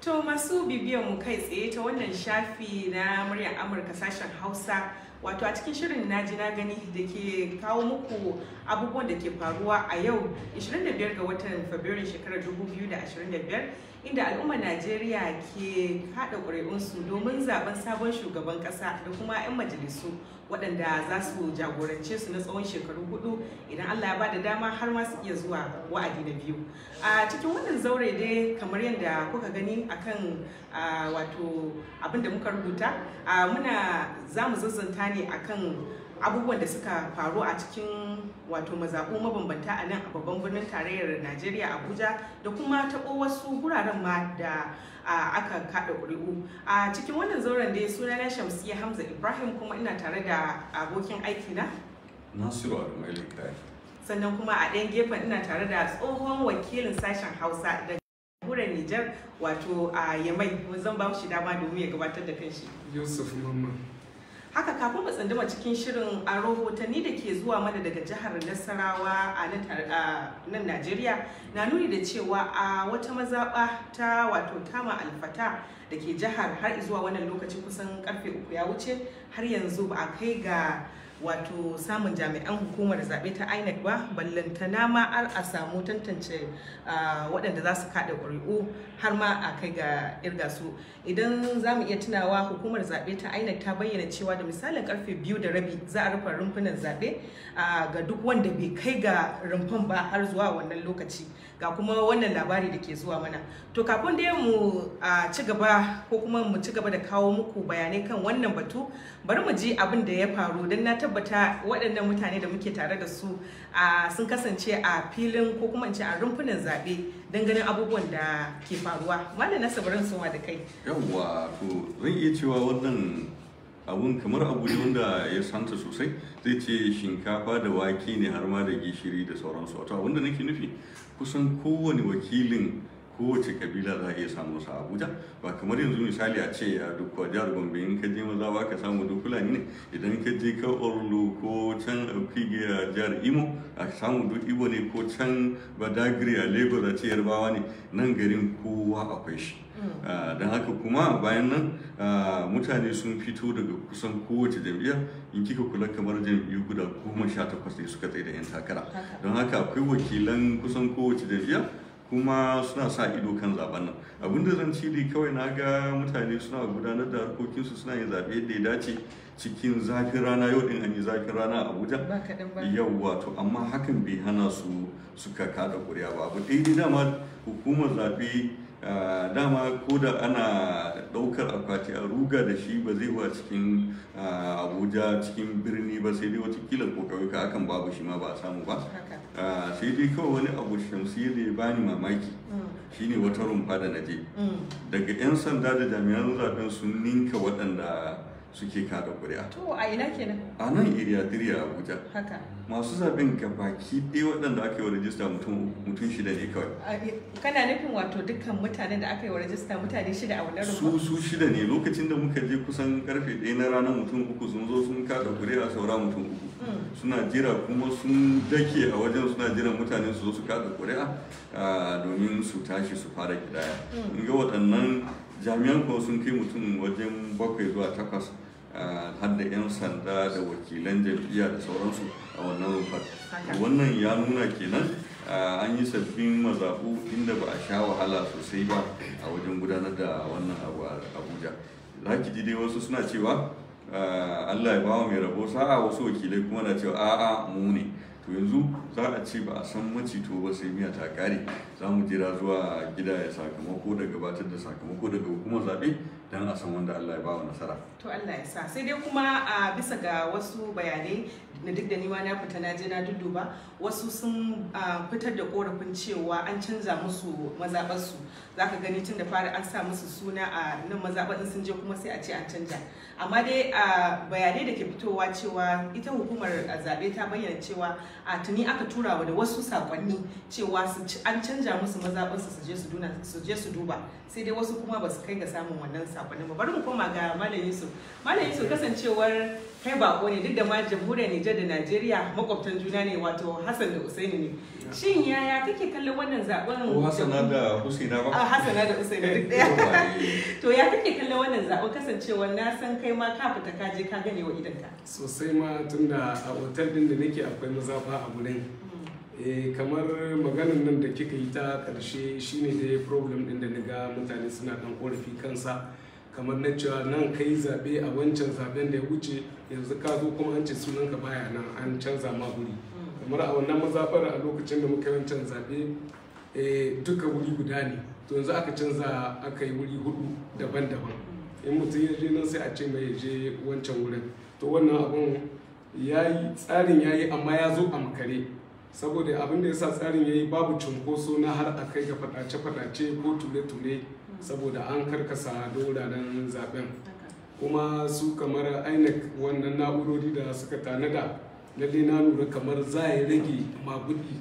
To masu bibiyan mu kai tsaye ta wannan shafi na muryar Amurka sashen Hausa wato a cikin shirin naji na gani da ke kawo muku abubuwan da ke faruwa a yau 25 ga watan Fabrairu shekarar 2025 inda al'ummar Najeriya ke kada ƙuri'unsu domin zaben sabon shugaban ƙasa da kuma 'yan majalisu waɗanda za su jagorance su na tsawon shekaru hudu idan Allah ya ba da dama har ma su iya zuwa wa'adi na biyu a cikin wannan zaure dai kamar yadda kuka gani akan wato abin da muka rubuta muna za mu zazzanta ne akan abubuwan da suka faru a cikin wato mazaɓu mabambanta a nan a babban birnin tarayyar najeriya abuja da kuma taɓo wasu guraren ma da aka kaɗa ƙuri'u a cikin wannan zauren dai suna na shamsi hamza ibrahim kuma ina tare da abokin aiki na nasiru adamu sannan kuma a ɗayan gefen ina tare da tsohon wakilin sashen hausa da jamhuriyar nijar wato a yamai zan ba shi dama domin ya gabatar da kanshi yusuf mamman haka kafin mu tsanduma cikin shirin a rahotanni da ke zuwa mana daga jihar nasarawa a nan najeriya na nuni da cewa a wata mazaba ta wato tama alfata da ke jihar har zuwa wannan lokaci kusan karfe uku ya wuce har yanzu ba a kai ga wato samun jami'an hukumar zaɓe ta inec ba ballantana ma har a samu tantance waɗanda za su kaɗa ƙuri'u har ma a kai ga irga su idan za mu iya tunawa hukumar zaɓe ta inec ta bayyana cewa da misalin karfe biyu da rabi za a rufe rumfunan zaɓe ga duk wanda bai kai ga rumfan ba har zuwa wannan lokaci ga kuma wannan labari da ke zuwa mana to kafin dai mu ci gaba ko kuma mu ci gaba da kawo muku bayanai kan wannan batu bari mu ji abin da ya faru don na tabbata waɗannan mutane da muke tare da su sun kasance a filin ko kuma in ce a rumfunan zaɓe don ganin abubuwan da ke faruwa malam sabarin suma da kai yawwa to zan iya cewa wannan abun kamar abu ne wanda ya santa sosai zai ce shinkafa da wake ne har ma da gishiri da sauransu wato abin da nake nufi kusan kowane wakilin kowace kabila za a iya samu sa abuja ba kamar yanzu misali a ce a duk jihar gombe in ka je maza ba ka samu duk fulani ne idan ka je ka orlo ko can kige a jihar imo a samu duk ibo ne ko can badagri a lagos a ce yarbawa ne nan garin kowa akwai shi mm. ah, don haka kuma bayan nan ah, mutane sun fito daga kusan kowace jam'iyya in kika kula kamar jam'iyyu guda goma sha takwas ne suka tsaye da 'yan takara don haka akwai wakilan kusan kowace jam'iyya kuma suna sa ido kan zaben nan abin da zan cili kawai na ga mutane suna gudanar da harkokinsu suna yin zaɓe da ya dace cikin zafin rana yau din an yi zafin rana a abuja yau wato amma hakan bai hana su suka kada kuri'a ba abu daidai dama hukumar zaɓe dama ko da ana ɗaukar akwati a ruga da shi ba zai wa cikin abuja cikin birni ba sai dai wata kila ko kauyuka akan babu shi ma ba a samu ba sai dai kawai wani abu shamsiyya ya bani mamaki mm. shine wata rumfa da naje mm. daga 'yan sanda da jami'an zaben sun ninka waɗanda suke kada kuri'a. To a ina kenan? A nan iriya diriya a Abuja. Haka. Masu zaben gabaki ɗaya waɗanda aka yi wa rajista mutum shida ne kawai. Kana nufin wato dukkan mutanen da aka yi wa rajista mutane shida a wannan Su su shida ne lokacin da muka je kusan karfe ɗaya na ranar mutum uku sun zo sun kada kuri'a saura mutum uku. Hmm. Suna jira kuma sun dake a wajen suna jiran mutane su zo su kada kuri'a domin su tashi su fara kidaya. In hmm. ga waɗannan jami'an kuma sun kai mutum wajen bakwai zuwa takwas eh, har da 'yan sanda da wakilan jam'iyya da sauransu a wannan rufar wannan ya nuna kenan eh, an yi sabbin mazaɓu inda ba a sha wahala sosai ba a wajen gudanar da wannan abu a abuja za ki ji dai wasu suna cewa eh, allah ya bawa mai rabo sa'a wasu wakilai kuma na cewa a'a mu ne to yanzu za a ce ba a san macito ba sai miya ta kare za mu jira zuwa gida ya sakamako da gabatar da sakamako daga hukumar zaɓe don a san wanda Allah ya ba wa nasara to Allah ya sa sai dai kuma a bisa ga wasu bayanai na duk da ni na fita na je na ba wasu sun fitar da korafin cewa an canza musu mazaɓarsu za ka gani tun da fara an sa musu suna a nan mazaɓar sun je kuma sai a ce an canza amma dai a bayanai da ke fitowa cewa ita hukumar zaɓe ta bayyana cewa a tuni aka tura wa da wasu saƙonni cewa an canza musu mazaɓarsu su je su duba sai dai wasu kuma ba kai ga samun wannan sakonni ba bari mu koma ga malam yusuf malam yusuf kasancewar kai bako ne duk da ma jamhuriyar ne. Niger da Najeriya makwabtan juna ne wato Hassan da Usaini ne. Shin yaya kake kallon wannan zaben? Ko Hassan da Usaini ba? A ah, Hassan da Usaini duk ɗaya. Oh to ya kake kallon wannan zaben kasancewa na san kai ma ka fita ka je ka gane wa idanka. Sosai ma tunda a otal din da nake akwai mazafa a gurin. Mm. Eh, kamar maganin nan da kika yi ta karshe shine dai problem din da naga ga mutane suna ɗan ƙorafi kansa. kamar na cewa nan ka yi zaɓe a wancan zaben da ya wuce yanzu ka zo kuma an ce sunanka baya nan an canza ma wuri kamar a wannan mazafar a lokacin da muka yi wancan zaɓe eh, duka wuri guda ne to yanzu aka canza aka yi wuri hudu daban-daban in mutum ya je nan sai a ce mai je wancan wurin to wannan abun ya yi tsarin ya yi amma ya zo a makare saboda abin da ya sa tsarin ya yi babu cunkoso na har a kai ga fadace-fadace ko ture-ture saboda an karkasa da wuraren zaben kuma su kamar inec wannan na'urori da suka tanada lalle na lura kamar za ya rage magudi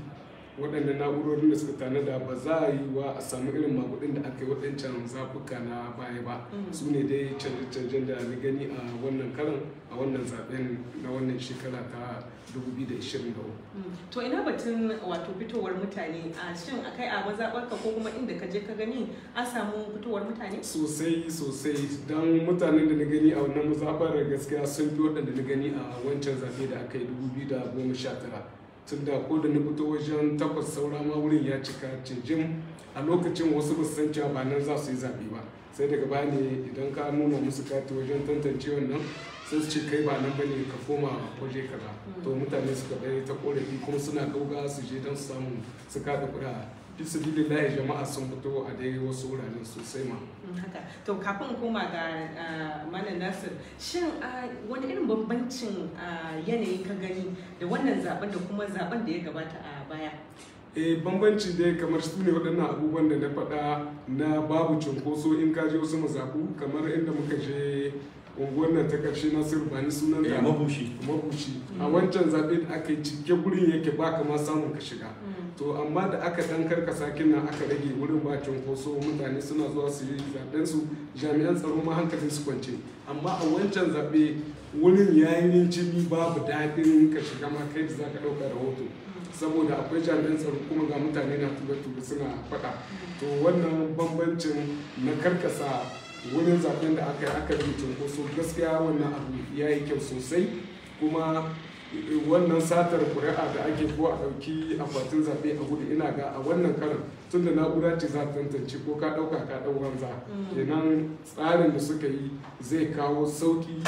waɗannan na'urorin da suka tanada ba za a yi wa a samu irin magudin da aka yi waɗancan zafuka na baya ba mm. su ne dai canje-canjen da na gani a wannan karan a wannan zaɓen na wannan shekara ta 2023 mm. to ina batun wato fitowar mutane a shin akai a mazaɓarka ko kuma inda ka je ka gani an samu fitowar mutane sosai sosai don mutanen da na gani a wannan mazaɓar gaskiya sun fi waɗanda na gani a wancan zaɓe da aka yi 2019 tunda ko da na fito wajen takwas saura ma wurin ya cika cinjin a lokacin wasu ba san cewa ba nan za su yi zaɓe ba sai daga baya ne idan ka nuna musu kati wajen tantance wannan sun ce kai ba nan bane ka koma waje kaza to mutane suka bai ta korafi kuma suna gauga su je don su samu su kada kuɗa bisabilillahi jama'a sun fito a dai wasu wuraren sosai ma mm, to kafin koma ga ah, mana nasir shin ah, wani irin bambancin ah, yanayi ka gani da wannan zaben da kuma zaben da ya gabata a baya e bambanci dai kamar su ne waɗannan abubuwan da na faɗa na babu cunkoso in ka je wasu mazaku kamar inda muka je unguwar ta ƙarshe nasiru bani ni sunan da eh, mabushi mabushi a wancan zaɓe da aka yi cike gurin yake ba kama samun ka shiga mm. to amma da aka dan karkasa nan aka rage wurin ba cunkoso mutane suna zuwa su yi zaɓen su jami'an tsaro ma hankalin su kwance amma a wancan zaɓe wurin yi cimi babu daɗin ka shiga ma kai da za ka ɗauka rahoto mm. saboda akwai jami'an tsaro kuma ga mutane na tuba-tuba suna faɗa mm. to wannan bambancin na karkasa wurin zaben da aka yi aka yi cunkoso gaskiya wannan abu ya yi kyau sosai kuma eh, wannan satar kuri'a da ake ko a ɗauki akwatin zaɓe a gudu ina ga a wannan karin tun da na'ura ce za ta tantance ko ka ɗauka ka ɗau wanza mm. kenan tsarin da suka yi zai kawo sauki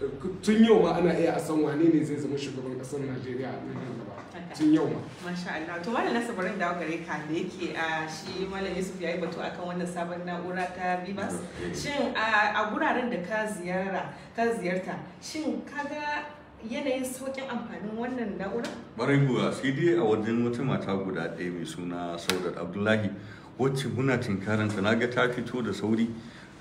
eh, tun yau ma ana iya a san wane ne zai zama shugaban ƙasar najeriya a tun yau ma masha Allah to malam nasu barin dawo gare ka da yake a shi malam Yusuf yayi batu akan wannan sabon na'ura ta Bibas eh. shin a guraren da ka ziyara ka ziyarta shin ka ga yanayin sauƙin amfanin wannan na'ura? Barai sai dai a wajen wata mata guda ɗaya mai suna Saudat Abdullahi wacce muna tinkaranta na ga ta fito da sauri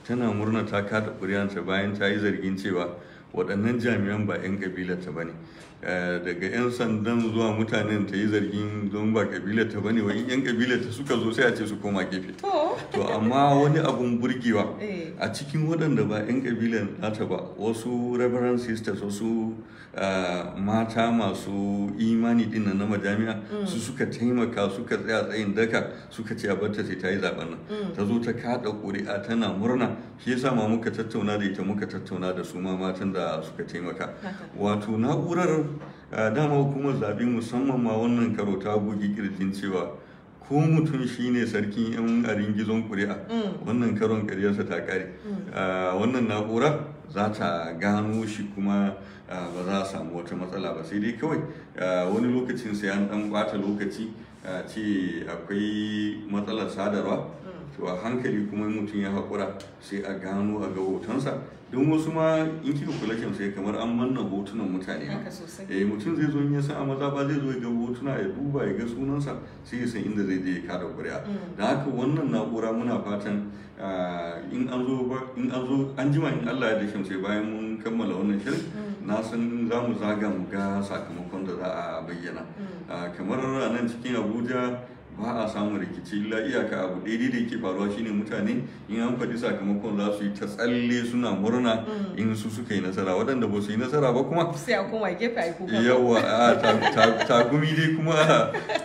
tana murna ta kada ƙuryanta bayan ta yi zargin cewa waɗannan jami'an ba 'yan ƙabilarta ba bane eh, daga 'yan sandan zuwa mutanen ta yi zargin don ba ƙabilarta ta bane wani 'yan ta suka zo sai a ce su koma gefe to amma wani abun burgewa eh. a cikin waɗanda ba 'yan ƙabilar nata ba wasu reverend sisters wasu eh, mata masu imani din na majami'a mm. su suka taimaka suka tsaya tsayin daka suka ce a barta sai ta yi zaben nan mm. ta zo ta kaɗa ƙuri'a tana murna shi yasa ma muka tattauna da ita muka tattauna da su ma matan da da suka taimaka wato na'urar dama hukumar zaɓe musamman ma wannan karo ta goge kirjin cewa ko mutum shine sarkin yan arin gizon kuri'a mm. wannan karon kariyarsa ta kare mm. wannan na'ura za ta gano shi kuma ba za a samu wata matsala ba sai dai kawai wani lokacin sai an dan kwata lokaci ce akwai matsalar sadarwa to a hankali kuma mutum ya haƙura sai a gano a ga hotonsa don wasu ma in kika kula kyan sai kamar an manna hotunan mutane eh mutum zai zo in ya san a maza ba zai zo ya ga hotuna ya duba ya ga sunansa sai ya san inda zai je ya kada ƙuri'a mm. da haka wannan na'ura muna fatan ah, in an zo in an jima in Allah ya dashin sai bayan mun kammala wannan shirin mm. na san za mu zaga mu ga sakamakon da za a bayyana mm. ah, kamar a nan cikin Abuja ba a samun rikici illa iyaka abu daidai da yake faruwa shine mutane in an faɗi sakamakon za su yi ta tsalle suna murna mm. in su suka yi nasara waɗanda ba su yi nasara ba kuma sai a koma gefe a yi kuka yawa a tagumi dai kuma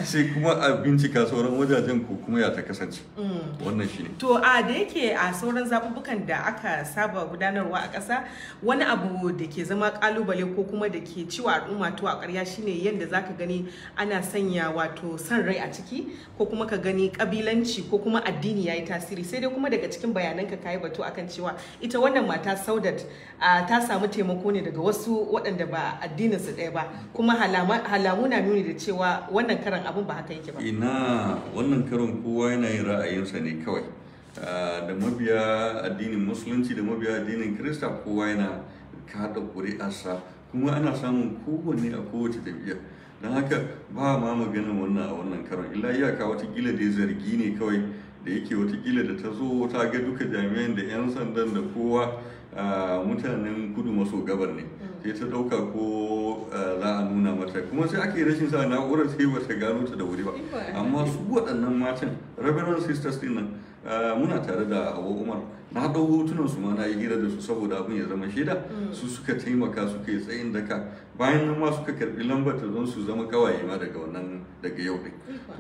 sai kuma a bincika sauran wajajen ko kuma ya ta kasance mm. wannan shine to a da yake a sauran zaɓuɓɓukan da aka saba gudanarwa a ƙasa wani abu da ke zama ƙalubale ko kuma da ke ciwa al'umma to a ƙarya shine yadda zaka gani ana sanya wato san rai a ciki ko kuma ka gani kabilanci ko kuma addini ya yi tasiri sai dai kuma daga cikin bayananka kayi batu akan cewa ita wannan mata Saudat ta samu taimako ne daga wasu waɗanda ba addinin su ɗaya ba kuma halamu na nuni da cewa wannan karan abun ba haka yake ba ina wannan karan kowa yana yin ra'ayinsa ne kawai da mabiya addinin musulunci da mabiya addinin kirista kowa yana kaɗa ƙuri'arsa kuma ana samun kowanne a kowace tafiya. don haka ba ma maganin wannan a wannan karon illa iyaka watakila da zargi ne kawai da yake wata watakila da ta zo ta ga duka jami'an da 'yan sandan da kowa mutanen kudu maso gabar ne mm. sai ta dauka ko za a nuna mata kuma sai ake rashin sa na'urar sai bata gano ta da wuri ba eh. amma su waɗannan matan reverend sisters din muna tare da hawa umar na ɗau hotunan su ma na yi hira da su saboda abin ya zama shaida mm. su suka taimaka suka yi tsayin daka bayan nan ma suka karbi lambar ta zan su zama kawaye ma daga wannan daga yau ne.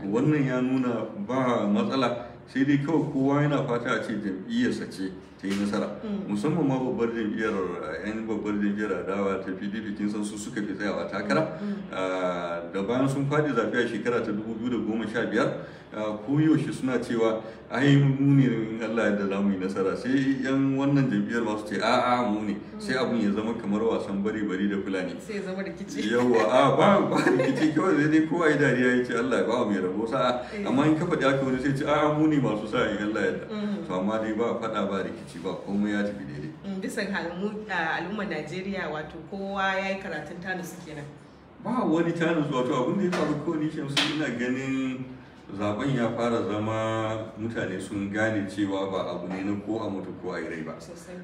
wannan ya nuna ba matsala sai dai kawai kowa yana fata a ce jam'iyyarsa ce ta yi nasara mm. musamman ma babbar jam'iyyar yan babbar jam'iyyar adawa ta pdp kin san su suka fi tsayawa takara mm. ah, da bayan sun fadi zafi a shekara ta da sha biyar. yaushe suna cewa ai mu ne in Allah da za mu nasara sai yan wannan jam'iyyar masu ce a a mu ne sai abun ya zama kamar wasan bari bari da fulani sai ya zama rikici yawa a ba ba rikici kawai sai dai kowa ya dariya ya ce Allah ya ba mu rabo sa eh. amma in ka faɗi haka wani sai ce a mu ne masu sa in Allah ya mm-hmm. to amma dai ba faɗa ba rikici ba komai ya tafi daidai mm, bisan al'ummar Najeriya wato kowa ya yi karatun tanu su kenan ba wani tanu wato abin da ya faru ko ni shamsu ina ganin zaben ya fara zama mutane sun gane cewa ba abu ne na ko a mutu ko a rai ba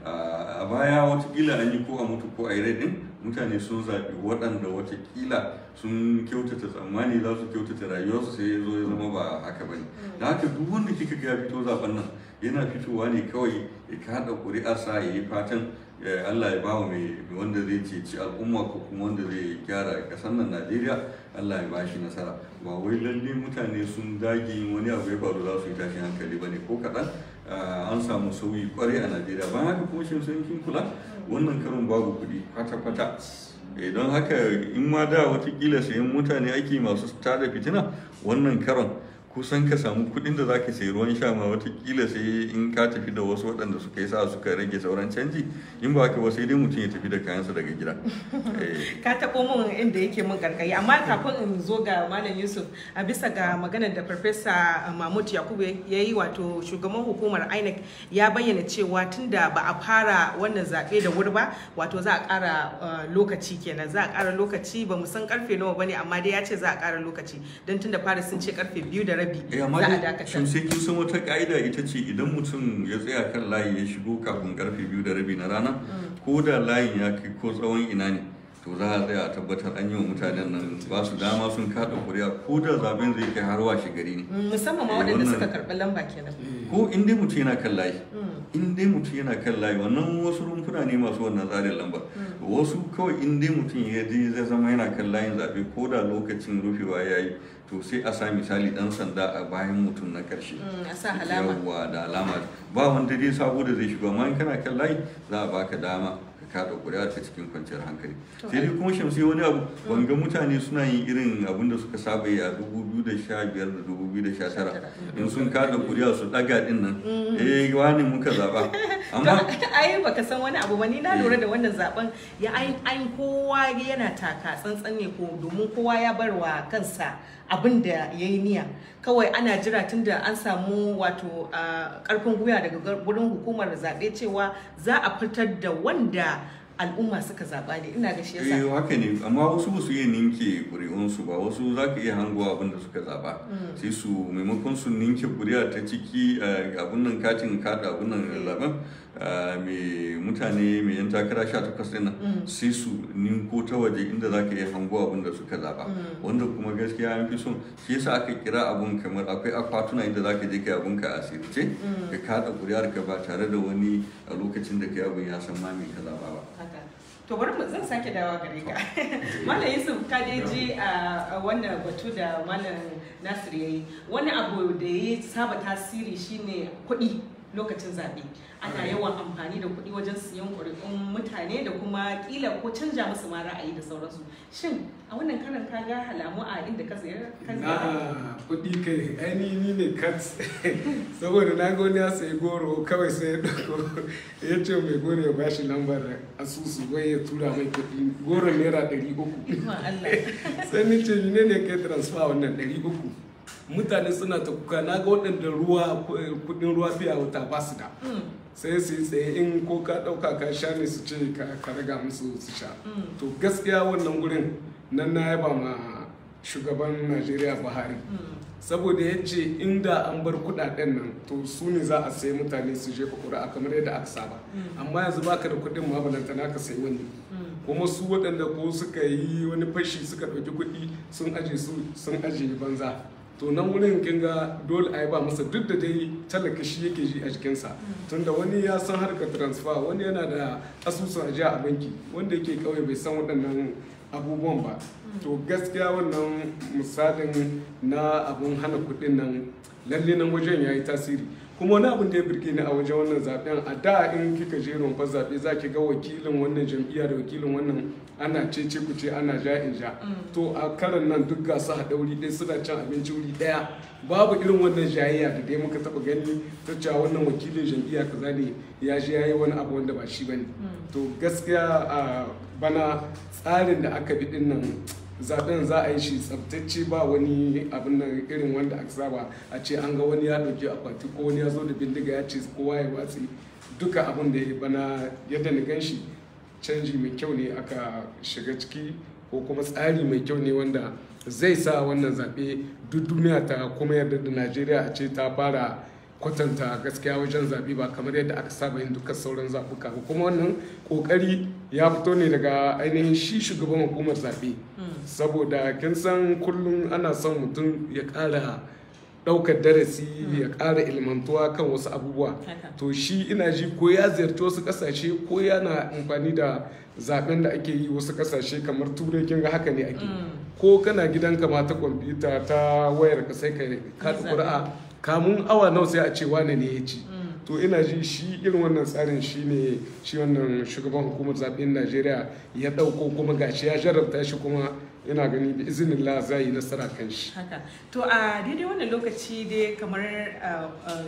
a baya watakila an yi ko a mutu ko a rai din mutane sun zaɓi waɗanda watakila sun kyautata tsammani za su kyautata rayuwarsu sai ya zo ya zama ba haka ba ne hmm. da haka duk wanda kika ga fito zaben nan yana fitowa ne kawai ya kaɗa ƙuri'arsa ya yi fatan Allah ya bawa mai wanda zai ceci al'umma ko kuma wanda zai gyara ƙasar nan Najeriya Allah ya bashi nasara ba wai lalle mutane sun dage wani abu ya faru za su yi tashin hankali ba ne ko kaɗan eh, an samu sauyi kwarai a najeriya bayan haka kuma shi sun kin kula wannan karin babu kuɗi kwata-kwata eh, don haka in ma da wata watakila sayan mutane ake masu tada fitina wannan karon kusan ka samu kuɗin da zaka sayi ruwan sha ma watakila sai in ka tafi da wasu waɗanda suka yi sa suka rage sauran canji in ba ka sai dai mutum ya tafi da kayansa daga gida eh. ka taɓo min inda yake mun karkari amma kafin in zo ga malam yusuf a bisa ga maganar da farfesa mahmud yakubu ya yi wato shugaban hukumar inec ya bayyana cewa da ba a fara wannan zaɓe da wuri ba wato za a ƙara eh, lokaci kenan za a ƙara lokaci ba mu san karfe nawa ba ne amma dai ya ce za a ƙara lokaci don tun da fara sun ce karfe biyu da rabi eh, za a dakatar sai kin san wata ka'ida ita ce idan mutum ya tsaya kan layi ya shigo kafin karfe biyu da rabi na rana mm. ko da layin ya kai ko tsawon ina ne to za a tsaya a tabbatar an yi wa mutanen nan ba su dama sun kada kuri'a ko da zaben zai kai har washe gari ne mm, musamman ma eh, waɗanda suka karɓi lamba kenan eh, ko in dai mutum yana kan layi hmm. in dai mutum yana kan layi wannan wasu rumfuna ne masu wannan tsarin lamba hmm. wasu kawai in dai mutum ya je zai zama yana kan layin zaɓe ko da lokacin rufewa ya yi to sai a sa misali dan sanda a bayan mutum na karshe hmm, yawwa da alama ba wanda dai sabo da zai shiga amma in kana kan layi za a baka dama kada ƙuri'a ta cikin kwanciyar hankali sai dai kuma shamsi wani abu wanga mm. mutane suna yin irin abin da suka saba yi a 2015 da 2019 in sun kada ƙuri'a su ɗaga ɗin nan mm. eh wani muka zaɓa amma ai baka san wani abu ba ni na lura eh. da wannan zaben ya ai kowa yana taka tsantsan ne ko domin kowa ya barwa kansa abin da ya yi niyya kawai ana jira tunda an samu wato karfin ah, gwiwa daga wurin hukumar zaɓe cewa za a fitar da wanda al'umma suka zaɓa ne ina ga shi yasa eh haka ne amma wasu su yi ninke ƙuri'unsu ba wasu za ka iya hangowa abin da suka zaɓa mm. sai su maimakon su ninke ƙuri'a ta ciki eh, abun nan katin kaɗa abun nan laban, eh. eh, mai mutane mai yan takara 18 ɗin nan mm. sai su ninko ta waje inda za ka iya hangowa abin da suka zaɓa mm. wanda kuma gaskiya an fi son shi yasa aka kira abun kamar akwai akwatuna inda za ka je kai abun ka asirce ka kaɗa ƙuri'ar ka ba tare da wani a lokacin da kai abun ya san ma mai ka zaɓa ba to bari mu zan sake dawa gare ka eh. malam yusuf ka dai ji a wannan batu da malam nasir yayi wani abu da ya saba tasiri shine kuɗi lokacin zaɓe ana yawan amfani da kuɗi wajen siyan ƙuri'un mutane da kuma ƙila ko canja musu ma ra'ayi da sauransu shin a wannan karan ka ga halamu a inda ka ziyara na kuɗi kai ainihi ne kat saboda na gani ya sayi goro kawai sai ya ɗauko ya ce mai goro ya bashi lambar asusu wai ya tura mai kuɗi goro naira ɗari uku sai ni ce ne ne kai transfer wannan ɗari uku mutane suna ta kuka na ga waɗanda ruwa kudin ruwa biya wuta ba su da mm. sai su yi tsaye in ko ka ɗauka ka sha ne su ce ka raga musu su sha mm. to gaskiya wannan gurin nan na yaba ma shugaban najeriya buhari mm. saboda ya ce inda an bar kuɗaɗen nan to su ne za a sai mutane su jefa a kamar yadda aka saba amma yanzu baka da kuɗin ma balantana ka sai wani kuma su waɗanda ko suka yi wani fashi suka ɗauki kuɗi sun ajiye banza to nan wurin kin ga dole yi ba masa duk da dai talaka shi yake ji a jikinsa tunda wani ya san harkar transfer wani yana da asusun ajiya a banki wanda yake kauye bai san waɗannan abubuwan ba to gaskiya wannan misalin na abun hana kuɗin nan lalle nan wajen ya yi tasiri kuma wani abin da ya birge ni a wajen wannan zaben a da in kika je rumfar zaɓe za ki ga wakilin wannan jam'iyya da wakilin wannan ana ce ce ku ce ana ja in ja mm. to a karan nan duk gasu haɗa wuri ɗaya suna cin abinci wuri daya babu irin wannan jayayya da dai muka taɓa gani ta cewa wannan wakilin jam'iyya kaza ne ya ji yayi wani abu wanda ba shi ba bane mm. to gaskiya a bana tsarin da aka bi ɗin nan zaben za a yi shi tsabtacce ba wani abin nan irin wanda aka saba a ce an ga wani ya ɗauki akwati ko wani ya zo da bindiga ya ce kowa ya watsi duka abin da ya bana yadda ni gan shi canji mai kyau ne aka shiga ciki ko kuma tsari mai kyau ne wanda zai sa wannan zaɓe duk duniya ta kuma yarda da najeriya a ce ta fara kwatanta gaskiya wajen zaɓe ba kamar yadda aka saba yin dukkan sauran zaɓuka ba kuma wannan ƙoƙari ya fito ne daga ainihin shi shugaban hukumar zaɓe hmm. saboda kin san kullum ana son mutum ya ƙara ɗaukar darasi ya ƙara ilmantuwa kan wasu abubuwa to shi ina ji ko ya ziyarci wasu ƙasashe ko yana amfani da zaben da ake yi wasu ƙasashe kamar turai kin ga haka ne ake mm. ko kana gidanka ma ta kwamfuta ta wayar ka sai ka kaɗa ƙuri'a kamun awa nawa sai a ce wane ne ya ci mm. to ina ji shi irin wannan tsarin shi ne shi wannan shugaban hukumar zaben najeriya ya ɗauko kuma gashi ya jarabta shi kuma yana gani bi izinin la za yi nasara kan shi haka to a daidai wannan lokaci dai kamar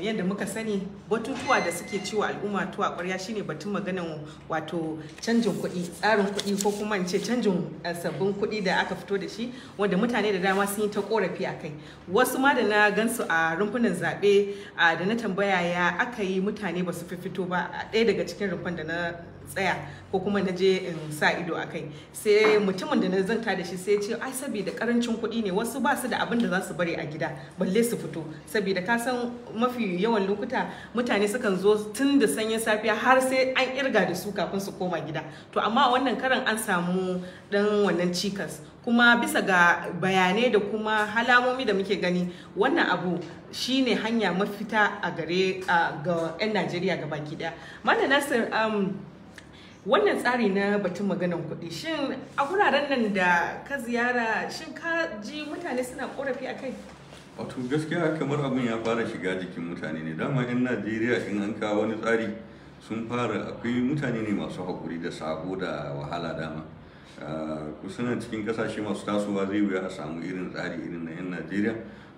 yadda muka sani batutuwa da suke ciwo al'umma to a ƙwarya shine batun maganan wato canjin kuɗi tsarin kuɗi ko kuma in ce canjin sabbin kuɗi da aka fito da shi wanda mutane da dama sun yi ta korafi a kai wasu ma da na gansu a rumfunan zaɓe da na tambaya ya aka yi mutane ba su fito ba ɗaya daga cikin rumfan da na tsaya ko kuma na je in sa ido a kai sai mutumin da na zanta da shi sai ce ai saboda karancin kuɗi ne wasu ba su da abin da za su bari a gida balle su fito saboda ka san mafi yawan lokuta mutane sukan zo tun da sanyin safiya har sai an irga da su kafin su koma gida to amma wannan karan an samu dan wannan cikas kuma bisa ga bayanai da kuma halamomi da muke gani wannan abu shine hanya mafita a gare ga 'yan najeriya ga baki daya mana wannan tsari na batun maganan kuɗi shin a wuraren nan da ka ziyara shin ka ji mutane suna korafi a kai wato gaskiya kamar abin ya fara shiga jikin mutane ne dama yan najeriya in an kawo wani tsari sun fara akwai mutane ne masu haƙuri da sabo da wahala dama ah, kusan cikin kasashe masu tasowa zai wuya a samu irin tsari irin na yan najeriya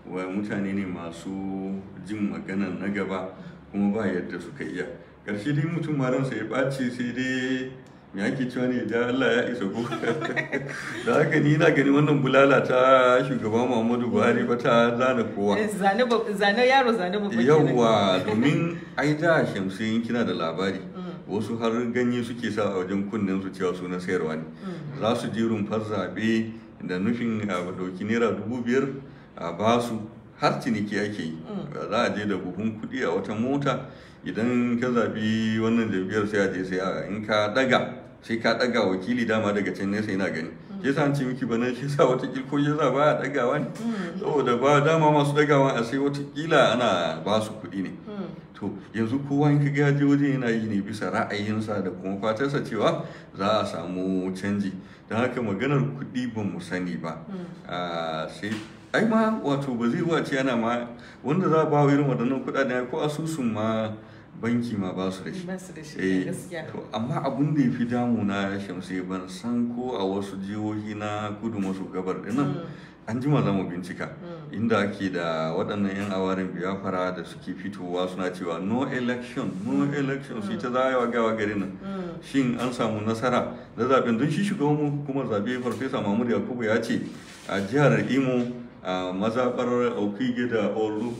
wa mutane ne masu jin maganan na gaba kuma ba yadda suka iya karshe dai mutum ma ransa ya ɓaci sai dai me ake cewa ne da Allah ya isa ko? da haka ni na gani wannan bulala ta shugaban Muhammadu Buhari ba ta zana kowa eh, zane yaro zane domin ai da shamsiyin kina da labari mm. wasu har ganye suke sa a wajen kunnen su cewa suna sayarwa ne mm. za su je rumfar zaɓe da nufin a ɗauki naira dubu biyar a basu har ciniki ake yi mm. za a je da buhun kuɗi a wata mota idan ka zabi wannan jam'iyyar sai a je sai a in ka daga sai ka daga wakili dama daga can nesa yana gani ke sa ci miki bana ke sa wata ko ya sa ba dagawa ne mm. saboda ba dama masu dagawa a sai wata kila ana ba su kuɗi ne mm. to yanzu kowa in ka gaje waje yana yi ne bisa ra'ayinsa da kuma fatarsa cewa za a samu canji don haka maganar kuɗi ba mu sani ba mm. ah, sai ai ma wato ba zai wace ana ma wanda za a ba irin waɗannan kuɗaɗen ko asusun ma banki ma ba su da shi eh, amma abin da ya fi damuna shamsu ban san ko a wasu jihohi na kudu maso gabar dinan hmm. an jima za mu bincika hmm. inda ake da waɗannan 'yan awarin biyafara da suke fitowa suna cewa no election no hmm. election su ta zayawa gawa gari nan shin an samu nasara da zaɓen don shi shugaban hukumar zabe farfesa mahmud yakubu ya ce a jihar imo a mazaɓar aukige da olu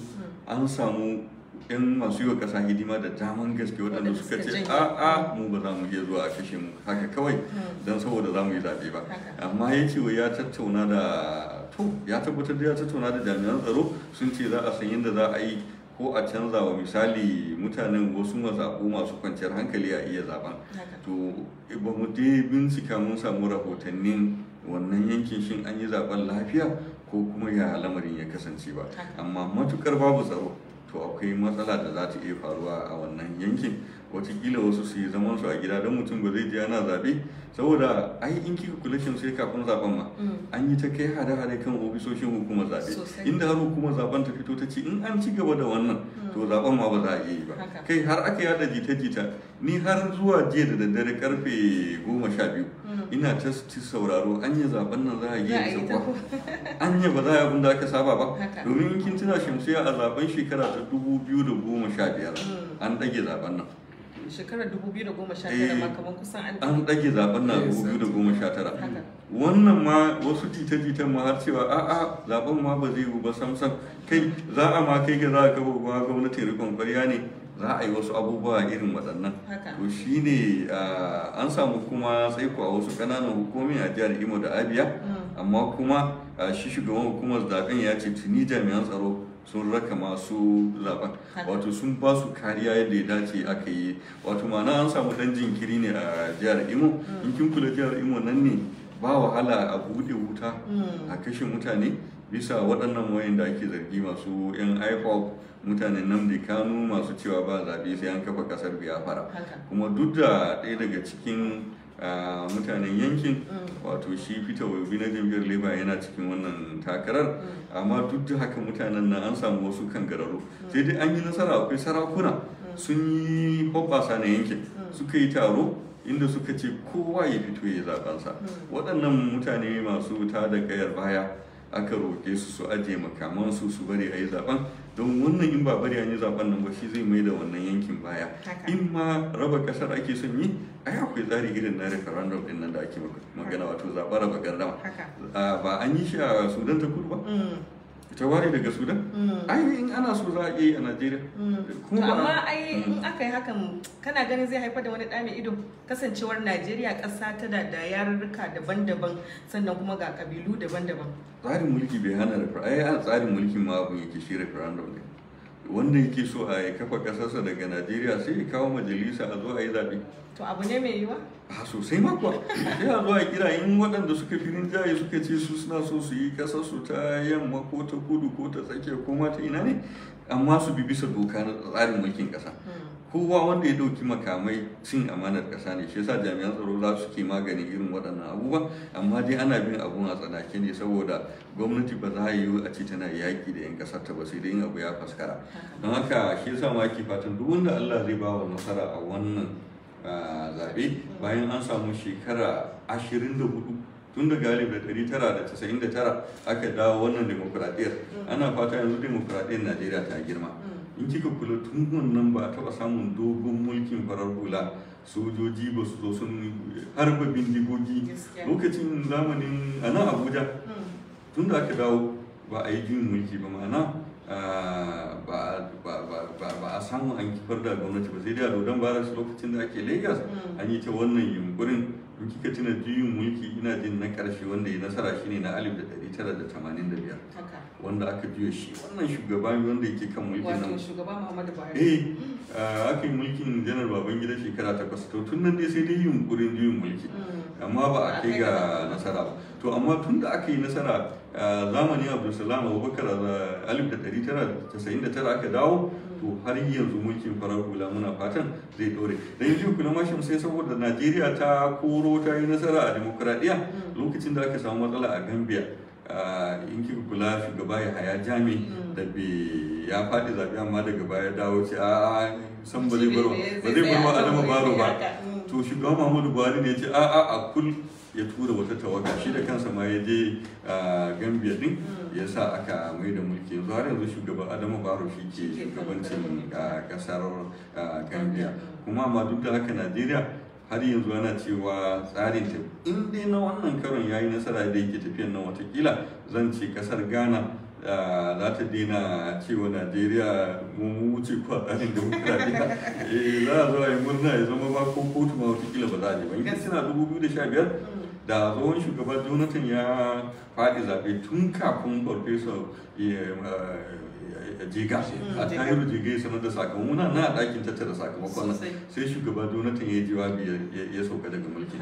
an samu 'yan masu yi wa ƙasa hidima da daman gaske waɗanda suka ce a a mu ba za mu iya zuwa a kashe mu haka kawai hmm. don saboda za mu yi zaɓe ba amma ya ce ya tattauna da to tabbatar da ya tattauna da jami'an tsaro sun ce za a san yadda za a yi ko a canza wa misali mutanen wasu mazaɓu masu kwanciyar hankali a iya zaɓen to ba mu dai bincika mun samu rahotannin wannan yankin shin an yi zaɓen lafiya ko kuma ya lamarin ya kasance ba amma matukar babu tsaro to akwai matsala da za ta iya faruwa a wannan yankin watakila wasu su yi zaman su a gida don mutum ba zai je ana zaɓe saboda ai in kika kula shi sai kafin zaben ma mm. an yi ta kai hada-hada kan ofisoshin hukumar zaɓe inda har hukumar zaben ta fito ta ci in an ci gaba da wannan mm. to zaben ma ba za a yi ba kai har aka yada jita-jita ni har zuwa jiya da daddare karfe goma sha biyu Mm. ina ta sauraro an yi zaben nan za a yi ta kwa an yi ba za a abin da aka saba ba domin kin tuna shamsiya a zaben shekara ta 2015 mm. an dage zaben nan shekarar 2019 ma eh, kamar kusan an dage zaben na 2019 wannan ma wasu jita-jitan ma har cewa a'a zaben ma ba zai yi ba samsam kai za a ma kai ga za a gaba gwamnatin rikon kwarya ne za a yi wasu abubuwa irin waɗannan to shi ne an samu kuma tsaiko a wasu ƙananan hukumomi a jihar imo da abia mm. amma kuma shi shugaban hukumar zaben ya ce tuni jami'an tsaro sun raka masu zaben wato sun ba su kariya yadda ya dace aka yi wato ma'ana an samu dan jinkiri ne a jihar imo mm. in kin kula jihar imo nan ne ba wahala a buɗe wuta mm. a kashe mutane bisa waɗannan wayan da ake zargi masu yan ipop mutanen namdi kanu masu cewa ba zaɓe sai an kafa ƙasar biyafara. kuma duk da ɗaya daga cikin ah, mutanen yankin mm. wato shi fita wabi na jam'iyyar leba yana cikin wannan takarar mm. amma duk da haka mutanen na an samu wasu kan kangararru mm. sai dai an yi nasara akwai sarakuna sun yi hoɓɓasa na yankin suka yi taro inda suka ce kowa ya fito ya zaɓansa waɗannan mutane masu ta da ƙayar baya aka roƙe su su ajiye makaman su su bari a yi zaben don wannan in ba bari an yi zaben nan ba shi zai mai da wannan yankin baya in ma raba kasar ake son yi ai akwai tsari irin na referendum din nan da ake magana wato zaɓa raba gardama ah, ba an yi shi a sudan ta kudu ba mm. ta daga sudan mm. ai in ana so za a yi a najeriya mm. amma ai mm. in aka yi hakan kana ganin zai haifar da wani ɗa mai ido kasancewar najeriya ƙasa ta da da yarurruka daban-daban sannan kuma ga ƙabilu daban-daban tsarin mulki bai hana rafi ai tsarin mulkin ma abin yake shi referendum ne wanda yake so a kafa kasarsa daga najeriya sai ya kawo majalisa a zuwa a yi zaɓe to abu ne mai yiwa a sosai makwa sai a zo a kira in waɗanda suka fi rinjaye suka ce su suna so su yi ƙasarsu ta yamma ko ta kudu ko ta tsakiya ko ma ina ne amma su bi bisa doka na tsarin mulkin ƙasa hmm. kowa wanda ya dauki makamai cin amanar kasa ne shi yasa jami'an tsaro za su ke maganin irin waɗannan abubuwa amma dai ana bin abun a tsanake ne saboda gwamnati ba za a yi a ce tana yaƙi da 'yan ƙasar ta ba sai dai yin abu ya faskara don haka shi yasa ma ke fatan duk wanda Allah zai ba wa nasara a wannan zaɓe bayan an samu shekara ashirin da hudu tun da da ɗari tara da tasa'in da tara aka dawo wannan demokuraɗiyar ana fata yanzu demokuraɗiyar najeriya ta girma in kika kula tun wannan ba a taɓa samun dogon mulkin farar hula sojoji ba su zo sun harba bindigogi lokacin zamanin a nan abuja hmm. tun da aka dawo ba a yi jin mulki ba ma'ana Ah, ba a samu an kifar da gwamnati ba sai dai a dodon baras lokacin da ake lagos hmm. an yi ta wannan yunkurin in kika tuna juyin mulki ina jin na karshe wanda ya nasara shine na alif da da da tara tamanin biyar. wanda aka juya shi wannan shugaba wanda yake kan mulki nan wato shugaba Muhammadu Buhari eh ah, aka yi mulkin janar Babangida shekara takwas to tun nan ne sai dai yunkurin juyin mulki hmm. amma ba a kai ga nasara ba to amma tun da aka yi nasara zamani abdulsalam abubakar a 1999 aka dawo to har yanzu mulkin farar hula muna fatan zai dore Da yanzu kuna mashin sai saboda najeriya ta koro ta yi nasara a demokuraɗiyya lokacin da aka samu matsala a gambia in kika kula shugaba ya haya jami mm. da bi ya faɗi zaɓe amma daga baya dawo ce a san ba zai barwa ba zai barwa adama baro ba mm. to shugaba mahmadu buhari ne ya ce a a a ya tura wata tawaga shi da kansa ma ya je gambia din ya sa aka mai da mulki yanzu har yanzu shugaban adamu baro shi ke shugabancin kasar gambia kuma ma duk da haka najeriya har yanzu ana cewa tsarin ta in dai na wannan karon ya yi nasara da yake tafiyan nan watakila zan ce kasar ghana za ta dina cewa najeriya mu wuce kwadarin demokradiyya eh, za a zo a yi murna ya zama ba ko kotu ma watakila ba za a je ba in suna biyar. da tsohon shugaban jonathan ya faɗi zaɓe tun kafin farfesa eh, eh, eh, jiga mm, a tahiru jiga ya sanar da sakamakon na na ɗakin tattara sakamakon sai shugaban jonathan ya jawabi ya sauka daga mulki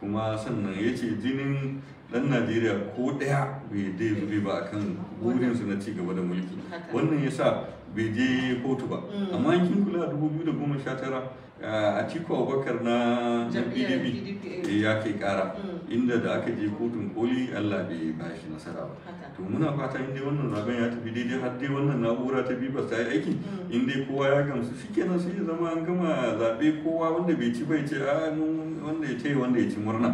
kuma sannan ya ce jinin ɗan najeriya ko ɗaya bai dai zube ba akan burinsu na ci gaba da mulki wannan ya sa bai je kotu ba mm. amma kin kula 2019 a ciko abubakar na pdp eh, ya kai kara mm. inda da aka je kotun koli allah bai ba shi nasara ba to muna fata in dai wannan zaben ya tafi daidai har dai wannan na'ura ta bibas ta yi aiki mm. in dai kowa ya gamsu kenan sai ya zama an gama zaɓe kowa wanda bai ci bai ce a wanda ya ce wanda ya ci murna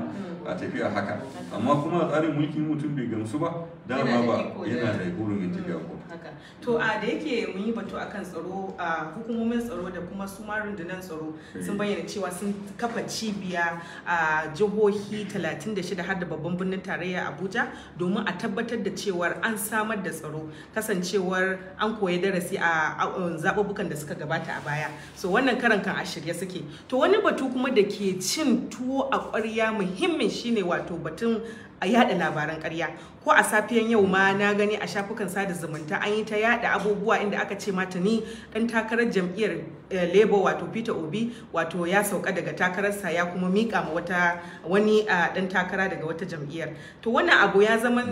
a tafi a haka amma kuma tsarin mulkin mutum bai gamsu ba dama ba yana da hurumin tafiya ko haka to a da yake mun yi batu akan tsaro a hukumomin tsaro da kuma su rundunar tsaro sun eh. bayyana cewa sun kafa cibiya a jihohi 36 har da babban birnin tarayya Abuja domin a tabbatar da cewar an samar da tsaro kasancewar an koyi darasi a zaɓuɓɓukan da suka gabata a baya so wannan karan kan a shirye suke to wani batu kuma da ke cin tuwo a ƙwarya muhimmin shine wato batun a yada labaran ƙarya ko a safiyan yau ma na gani a shafukan sada zumunta an yi ta yada abubuwa inda aka ce mata ni dan takarar jam'iyyar Eh, lebo wato peter obi wato ya sauka daga takararsa ya kuma mika ma wata wani a ah, dan takara daga wata jam'iyyar to wannan abu ya zama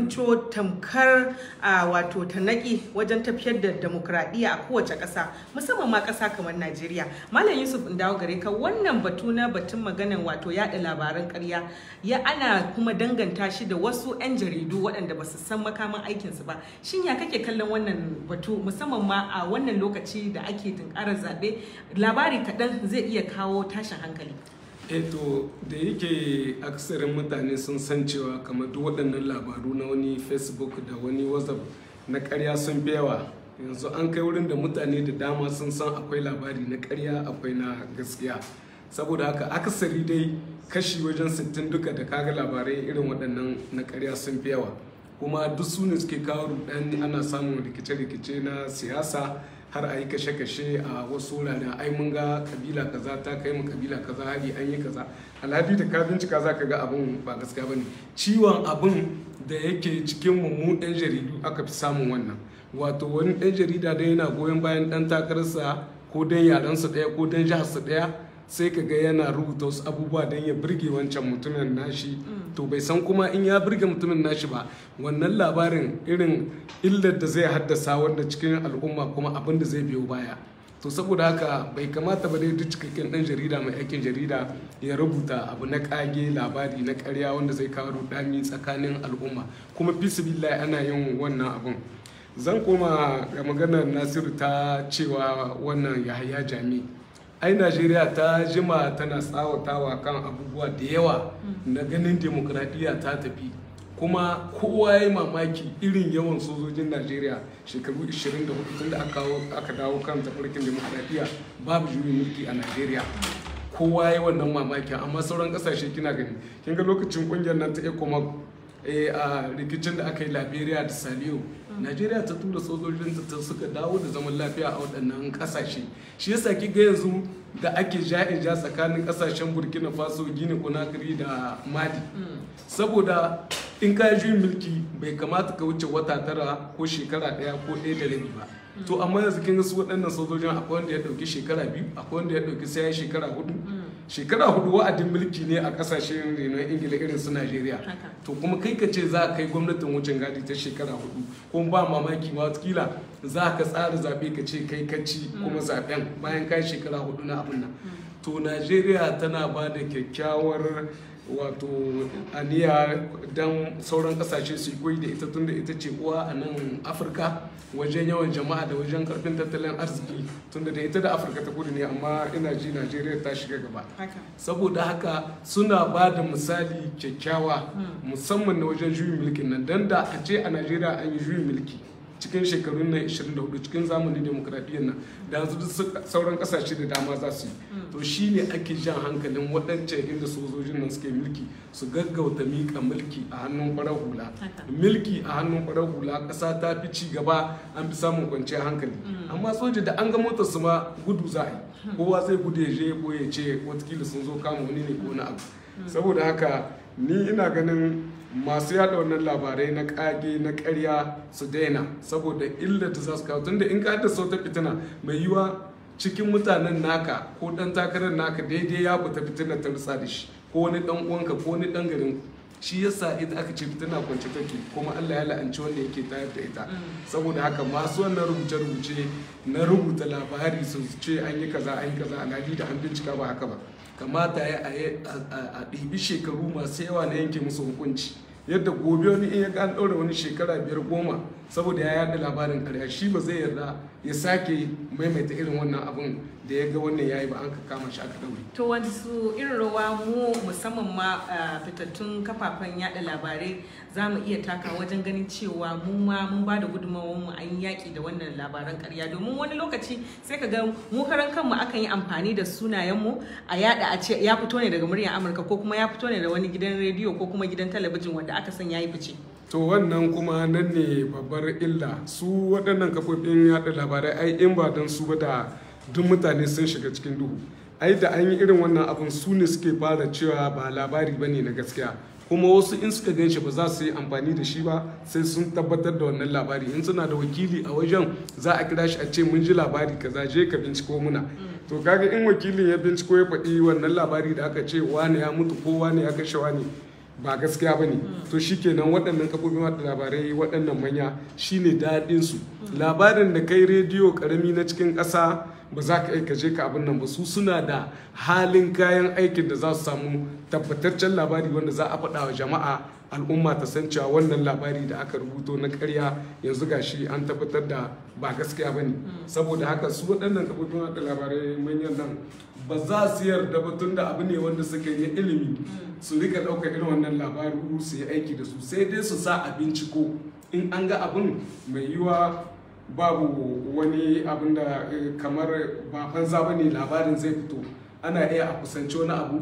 tamkar ah, wato tanaki wajen tafiyar da demokradiyya a kowace ƙasa musamman ma ƙasa kamar najeriya malam yusuf dawo gare ka wannan batu na batun maganan wato yaɗa labaran karya ya ana kuma danganta shi da wasu 'yan jaridu waɗanda ba su san makaman aikinsu ba shin ya kake kallon wannan batu musamman ma a wannan lokaci da ake tunkarar zaɓe labari kaɗan zai iya kawo tashin hankali eto eh, da yake aksarin mutane sun san cewa kamar duk waɗannan labaru na wani facebook da wani whatsapp na karya sun bewa yanzu an kai wurin da mutane da dama sun san akwai labari na karya akwai na gaskiya saboda haka akasari dai kashi wajen 60 duka da kaga labarai irin waɗannan na karya sun fi yawa kuma duk su ne suke kawo rudani ana samun rikice-rikice na siyasa har a yi kashe-kashe a wasu wuraren ai mun ga kabila kaza ta kai mu kabila kaza hari an yi kaza alhali da ka bincika za ka ga abin ba gaskiya ba ne ciwon abin da yake cikin mu ɗan jaridu aka fi samun wannan wato wani ɗan jarida da yana goyon bayan ɗan takararsa ko dan yarensa ɗaya ko dan sa ɗaya sai ka ga yana rubuta wasu abubuwa don ya birge wancan mutumin nashi to bai san kuma in ya birge mutumin nashi ba wannan labarin irin illar da zai haddasa wanda cikin al'umma kuma abin da zai biyo baya to saboda haka bai kamata ba dai duk cikakken dan jarida mai aikin jarida ya rubuta abu na kage labari na karya wanda zai kawo rudani tsakanin al'umma kuma bismillah ana yin wannan abun zan koma ga maganar nasiru ta cewa wannan yahaya jami'i ai najeriya ta jima tana tsawatawa kan abubuwa da yawa na ganin demokradiyya ta tafi kuma kowa ya yi mamaki irin yawan sojojin najeriya shekaru 24 tun da aka dawo kan tafarkin demokradiyya babu juyin mulki a najeriya kowa ya yi wannan mamaki amma sauran kasashe kina gani kin ga lokacin kungiyar nan ta ecomac eh, a rikicin da aka yi liberia da saliyo najeriya ta tura sojojinta ta suka dawo da zaman lafiya a waɗannan kasashe shi yasa ki ga yanzu da ake ja ja tsakanin kasashen burkina faso gini konakiri da mali saboda in ka juyin mulki bai kamata ka wuce wata tara ko shekara ɗaya ko ɗaya da rabi ba to amma yanzu kin ga su waɗannan sojojin akwai wanda ya ɗauki shekara biyu akwai wanda ya ɗauki sai shekara hudu shekara hudu wa'adin mulki ne a kasashen renon ingila irin su najeriya to kuma kai ka ce za ka kai gwamnatin wucin gadi ta shekara hudu ko ba mamaki ma watakila za ka tsara zaɓe ka ce kai ka ci mm. kuma zaɓen bayan kai shekara hudu na abin nan mm. to najeriya tana ba da kyakkyawar wato aniya don sauran kasashe su koyi da ita tunda ita ce uwa a nan afirka wajen yawan jama'a da wajen karfin tattalin arziki tunda da ita da afirka ta kudu ne amma ina ji najeriya ta shiga gaba saboda haka suna ba da misali kyakkyawa hmm. musamman na wajen juyin mulkin nan don da a ce a najeriya an yi juyin mulki cikin shekarun na 24 cikin zamanin demokradiyyar nan da yanzu duk sauran kasashe da dama za su yi mm. to shine ake jan hankalin waɗancan inda sojojin nan suke mulki su gaggauta miƙa mulki a hannun farahula hula mulki a hannun farar hula ƙasa ta fi ci gaba an fi samun kwanciyar hankali mm. amma soja da an ga motar su ma gudu za a hmm. kowa zai gudu ya je ko ya ce watakila sun zo kama wani ne ko wani abu hmm. saboda haka ni ina ganin masu yada wannan labarai na kage na karya su daina saboda illa da za su kawo tunda in ka haddasa wata fitina mai yiwa cikin mutanen naka ko dan takarar naka daidai ya fita fitina ta rusa da shi ko wani dan uwanka ko wani dan garin shi yasa ita aka ce fitina kwance take kuma Allah ya la'anci wanda yake tayar da ita mm. saboda haka masu wannan rubuce rubuce na rubuta labari su ce an yi kaza an yi kaza alhali da an bincika ba haka ba kamata ya a ɗibi shekaru masu yawa na yanke musu hukunci yadda gobe wani in ya an ɗaure wani shekara biyar goma saboda ya yaɗa labarin karya shi ba zai yarda ya sake maimaita irin wannan abin da ya ga wannan yayi ba an ka kama shi aka daure to su irin rawa mu musamman ma fitattun kafafen yada labarai za mu iya taka wajen ganin cewa mu ma mun ba da gudunmawar mu an yaki da wannan labaran karya domin wani lokaci sai ka ga mu karan kanmu akan yi amfani da sunayen mu a yada a ce ya fito ne daga muryar Amurka ko kuma ya fito ne da wani gidan rediyo ko kuma gidan talabijin wanda aka san yi fice to wannan kuma nan ne babbar illa su waɗannan kafofin yaɗa labarai ai in ba don su ba da duk mutane sun shiga cikin duhu ai da an yi irin wannan abin su ne suke bada cewa ba labari ba ne na gaskiya kuma wasu in suka gan shi ba za su yi amfani da shi ba sai sun tabbatar da wannan labari in suna da wakili a wajen za a kira shi a ce mun ji labari kaza je ka binciko muna mm. to kaga in wakilin ya binciko ya faɗi wannan labari da aka ce wane ya mutu ko wane ya kashe wane ba gaskiya ba ne hmm. to shikenan waɗannan kafofin watsa labarai waɗannan manya shine daɗinsu hmm. labarin da kai rediyo ƙarami na cikin ƙasa ba za ka aika je ka abin nan ba su suna da halin kayan aikin da za su samu tabbataccen labari wanda za a faɗa wa jama'a al'umma ta san cewa wannan labari da aka rubuto na karya yanzu gashi an tabbatar da ba gaskiya ba ne mm. saboda haka su waɗannan kafofin haɗa labarai manyan nan ba za su yarda ba tun da abu ne wanda suka yi ilimi mm. su rika ɗaukar irin wannan labari su yi aiki da su sai dai su sa abinci ko in an ga abin mai yiwa babu wani abin da eh, kamar ba fansa ba ne labarin zai fito ana iya a kusanci wani abu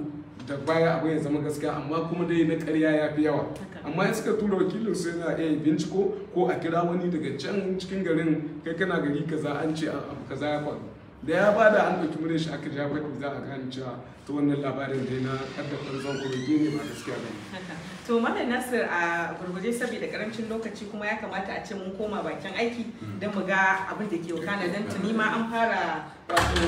da baya abu ya zama gaskiya amma kuma dai na karya ya fi yawa amma in suka tura wakilin su yana iya binciko ko a kira wani daga can cikin garin kai kana gari kaza an ce abu kaza ya faru da ya bada an ɗauki mure shi aka ja faɗi za a gane cewa ta wannan labarin dai na ƙaddafar kuma ne ba gaskiya ba to mana nasir a gurguje saboda karancin lokaci kuma ya kamata a ce mun koma bakin aiki mm. don mu ga abin da ke wakana don tuni ma an fara wato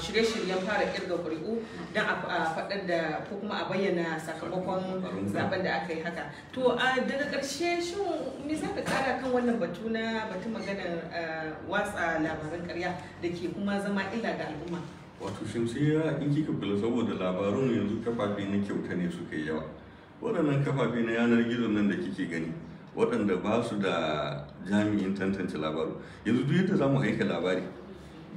shirye-shiryen fara kirga kuri'u don a faɗar da ko kuma a bayyana sakamakon zaben da aka yi haka to daga ƙarshe shin me za ka ƙara kan wannan batu na batun maganar watsa labaran ƙarya da ke kuma zama illa ga al'umma wato shamsiyya in kika saboda labarun yanzu kafafe na kyauta ne suka yi yawa waɗannan kafafe na yanar gizo nan da kike gani waɗanda ba su da jami'in tantance labaru yanzu duk yadda za mu aika labari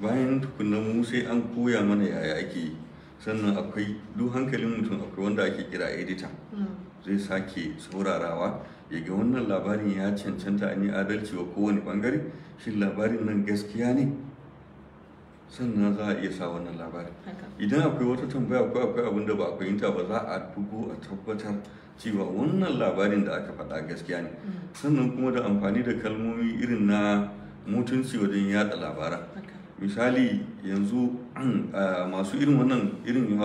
bayan tukunan mu sai an koya mana yaya ake yi sannan akwai duk hankalin mutum akwai wanda ake kira editor zai sake saurarawa ya ga wannan labarin ya cancanta an yi adalci wa kowane bangare shin labarin nan gaskiya ne sannan za a iya sa wannan labarin idan akwai wata tambaya akwai akwai abin da ba a fahimta ba za a dubo a tabbatar cewa wannan labarin da aka faɗa gaskiya ne mm. sannan kuma da amfani da kalmomi irin na mutunci wajen yada labaran misali yanzu masu irin wannan irin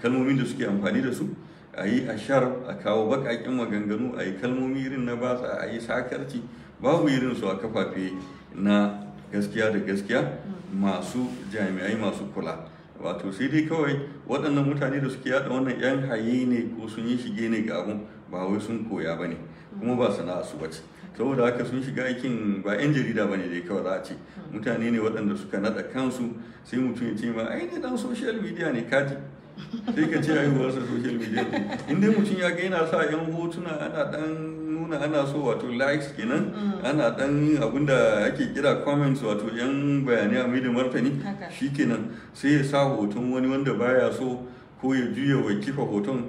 kalmomin da suke amfani da su a yi ashar a kawo baƙaƙen maganganu a yi kalmomi irin na batsa a yi sakarci babu irin su a kafafe na gaskiya da gaskiya mm. masu jami'ai masu kula wato sai dai kawai waɗannan mutane da suke yada wannan yan haye ne ko sun yi shige ne ga abun ba wai sun koya ba ne kuma ba sana'a su bace saboda haka sun shiga aikin ba 'yan jarida ba ne dai kawai za a ce mm. mutane ne waɗanda suka naɗa kansu sai mutum ya ce ma ai ne dan social media ne kaji sai ka ce ayi wasu social media in dai mutum ya ga yana sa yan hotuna ana dan wannan ana so wato likes kenan ana dan abin da ake kira comments wato yan bayanai a da martani shi kenan sai ya sa hoton wani wanda baya so ko ya juya wa kifa hoton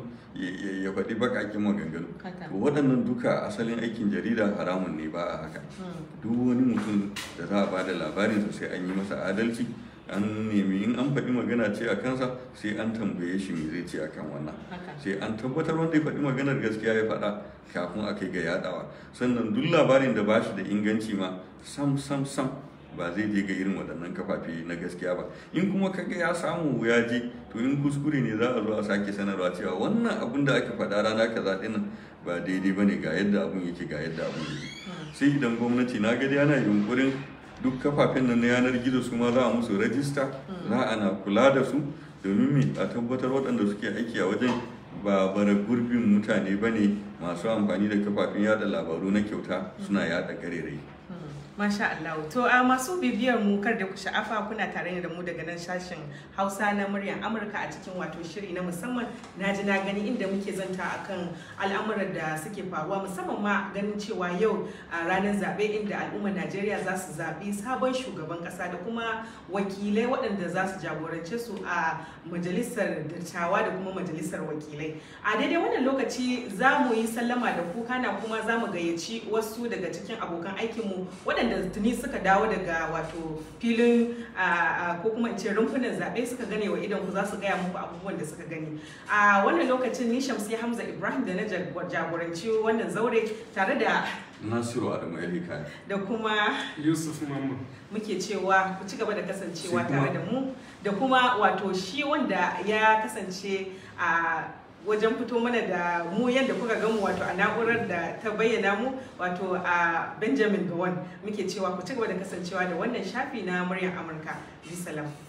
ya faɗi ake maganganu to waɗannan duka asalin aikin jarida haramun ne ba a haka hmm. duk wani mutum da za a ba da labarinsa sai an yi masa adalci an nemi in an faɗi magana ce a kansa sai an tambaye shi me zai ce a kan wannan sai an tabbatar wanda ya faɗi maganar gaskiya ya faɗa kafin a kai ga yaɗawa sannan duk labarin da ba shi da inganci ma sam sam sam ba zai je ga irin waɗannan kafafe na gaskiya ba in kuma kaga ya samu ya je to in kuskure ne za a zo a sake sanarwa cewa wannan abun da aka faɗa rana kaza nan ba daidai ba ne ga yadda abun yake ga yadda abun yake hmm. sai idan gwamnati na gadi ana yunkurin duk kafafen nan na yanar gizo su ma za a musu rajista za a na kula da su domin a tabbatar waɗanda suke aiki a wajen ba bara gurbin mutane ba ne masu amfani da kafafen yada labaru na kyauta suna yada garerai hmm. Masha Allah. To a masu bibiyar mu kar da ku sha'afa kuna tare da mu daga nan sashen Hausa na muryar Amurka a cikin wato shiri na musamman na ji na gani inda muke zanta akan al'amuran da suke faruwa musamman ma ganin cewa yau a ranar zaɓe inda al'ummar Najeriya za su zaɓi sabon shugaban ƙasa da kuma wakilai waɗanda za su jagorance su a majalisar dattawa da kuma majalisar wakilai. A daidai wannan lokaci za mu yi sallama da kuka na kuma za mu gayyaci wasu daga cikin abokan aikinmu waɗanda tuni suka dawo daga wato filin ko kuma in ce rumfunan zaɓe suka gane wa idan ku za su gaya muku abubuwan da suka gani a wannan lokacin ni shamsi hamza ibrahim da na jagoranci wannan zaure tare da Nasiru Adamu Elika. Da kuma Yusuf Mamman. Muke cewa ku ci gaba da kasancewa tare da mu da kuma wato shi wanda ya kasance a wajen fito mana da mu yadda kuka gamu wato a na'urar da ta bayyana mu wato a benjamin gawan muke cewa ku ci gaba da kasancewa da wannan shafi na muryar amurka bisalam